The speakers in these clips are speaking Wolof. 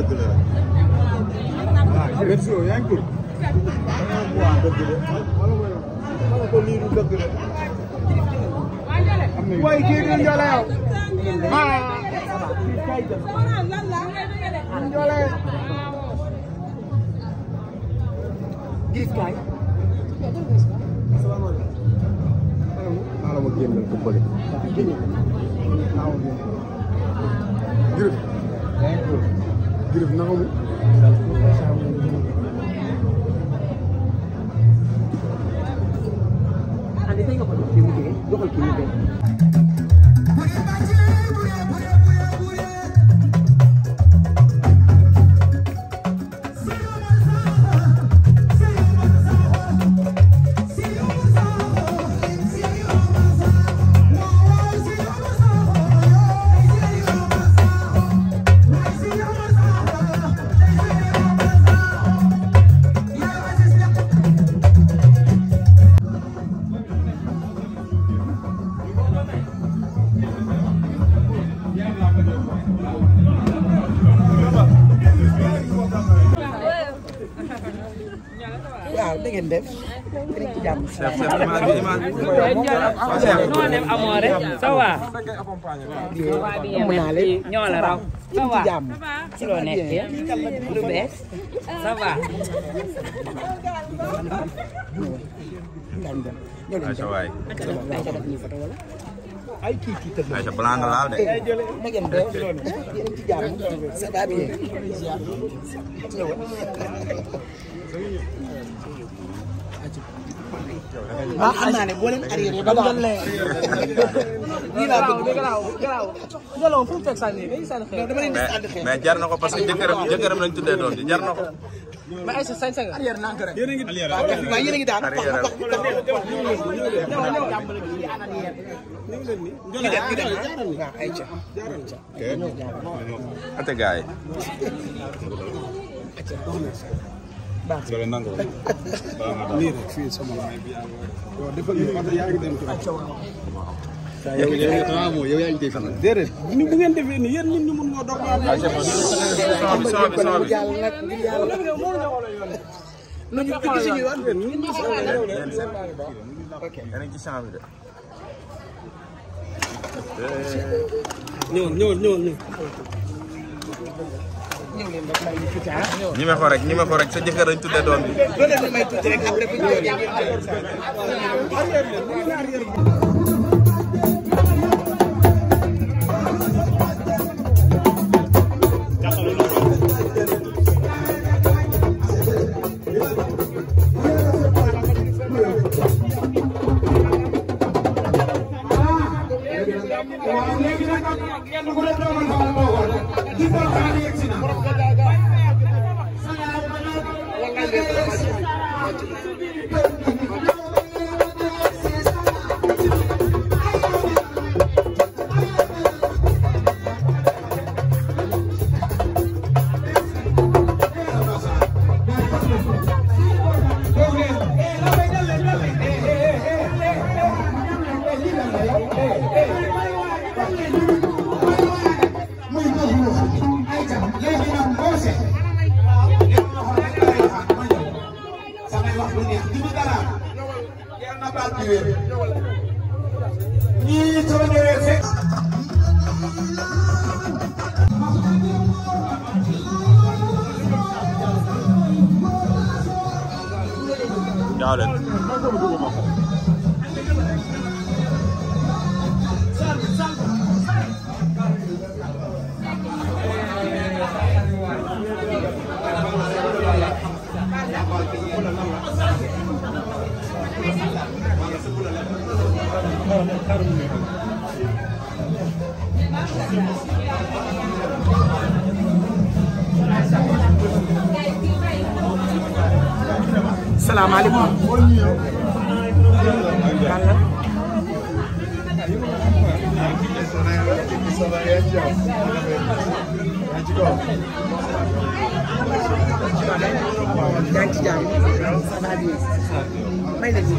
dëgg la waaw ah, merci yaa ngi tur waaw ah, dëgg la ma ne ko lii du dëgg la waaye kii du Ndiolé yow ah Ndiolé gis kaay maa ma génnal ko bële jërëjëf Griff naka mu. doxal kii mu dee. Cheikh Cheikh image bi image raw. ça va ci loo nga laal de. waaw ah, xam naa ne boo leen arrière ba doon lee lii laa bëgg garaaw garaaw jëloon fu mu teg sànni day sànni xeer dama leen di sànni xeer mais jar na ko parce que jëkkëram jëkkëram lañ tuddee doon jar na ko mais ay sa sañ sañ arrière naa ko rek yéen a ngi waaw yéen a ngi daan wax wax wax ay ca ate gaay baax na nangu nii rek fii sama yow defal ñu oto yaa ngi dem ci yow yow yaa ngi koy fanal déedéet ni bu ngeen defee nii yéen ñun ñu mun moo dox yàlla nag yàlla nañu dugg si ñu wax ñu ci champ bi de ñëwal ñëwal ñëwal ñëw ñi ma ko ñi ma ko rek sa jëkkër dañ tudde doon bi. ñaa leen salaamaaleykum. yaa ngi ci jàmm ça va bien may la ñu.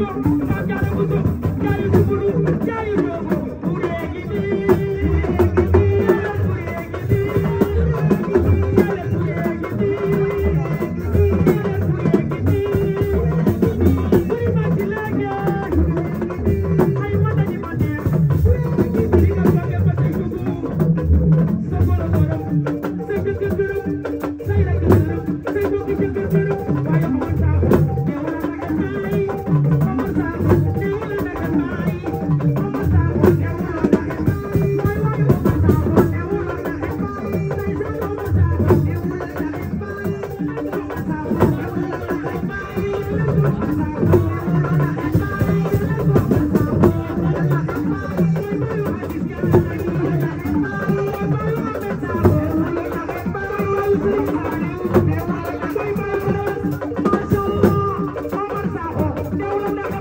Thank you.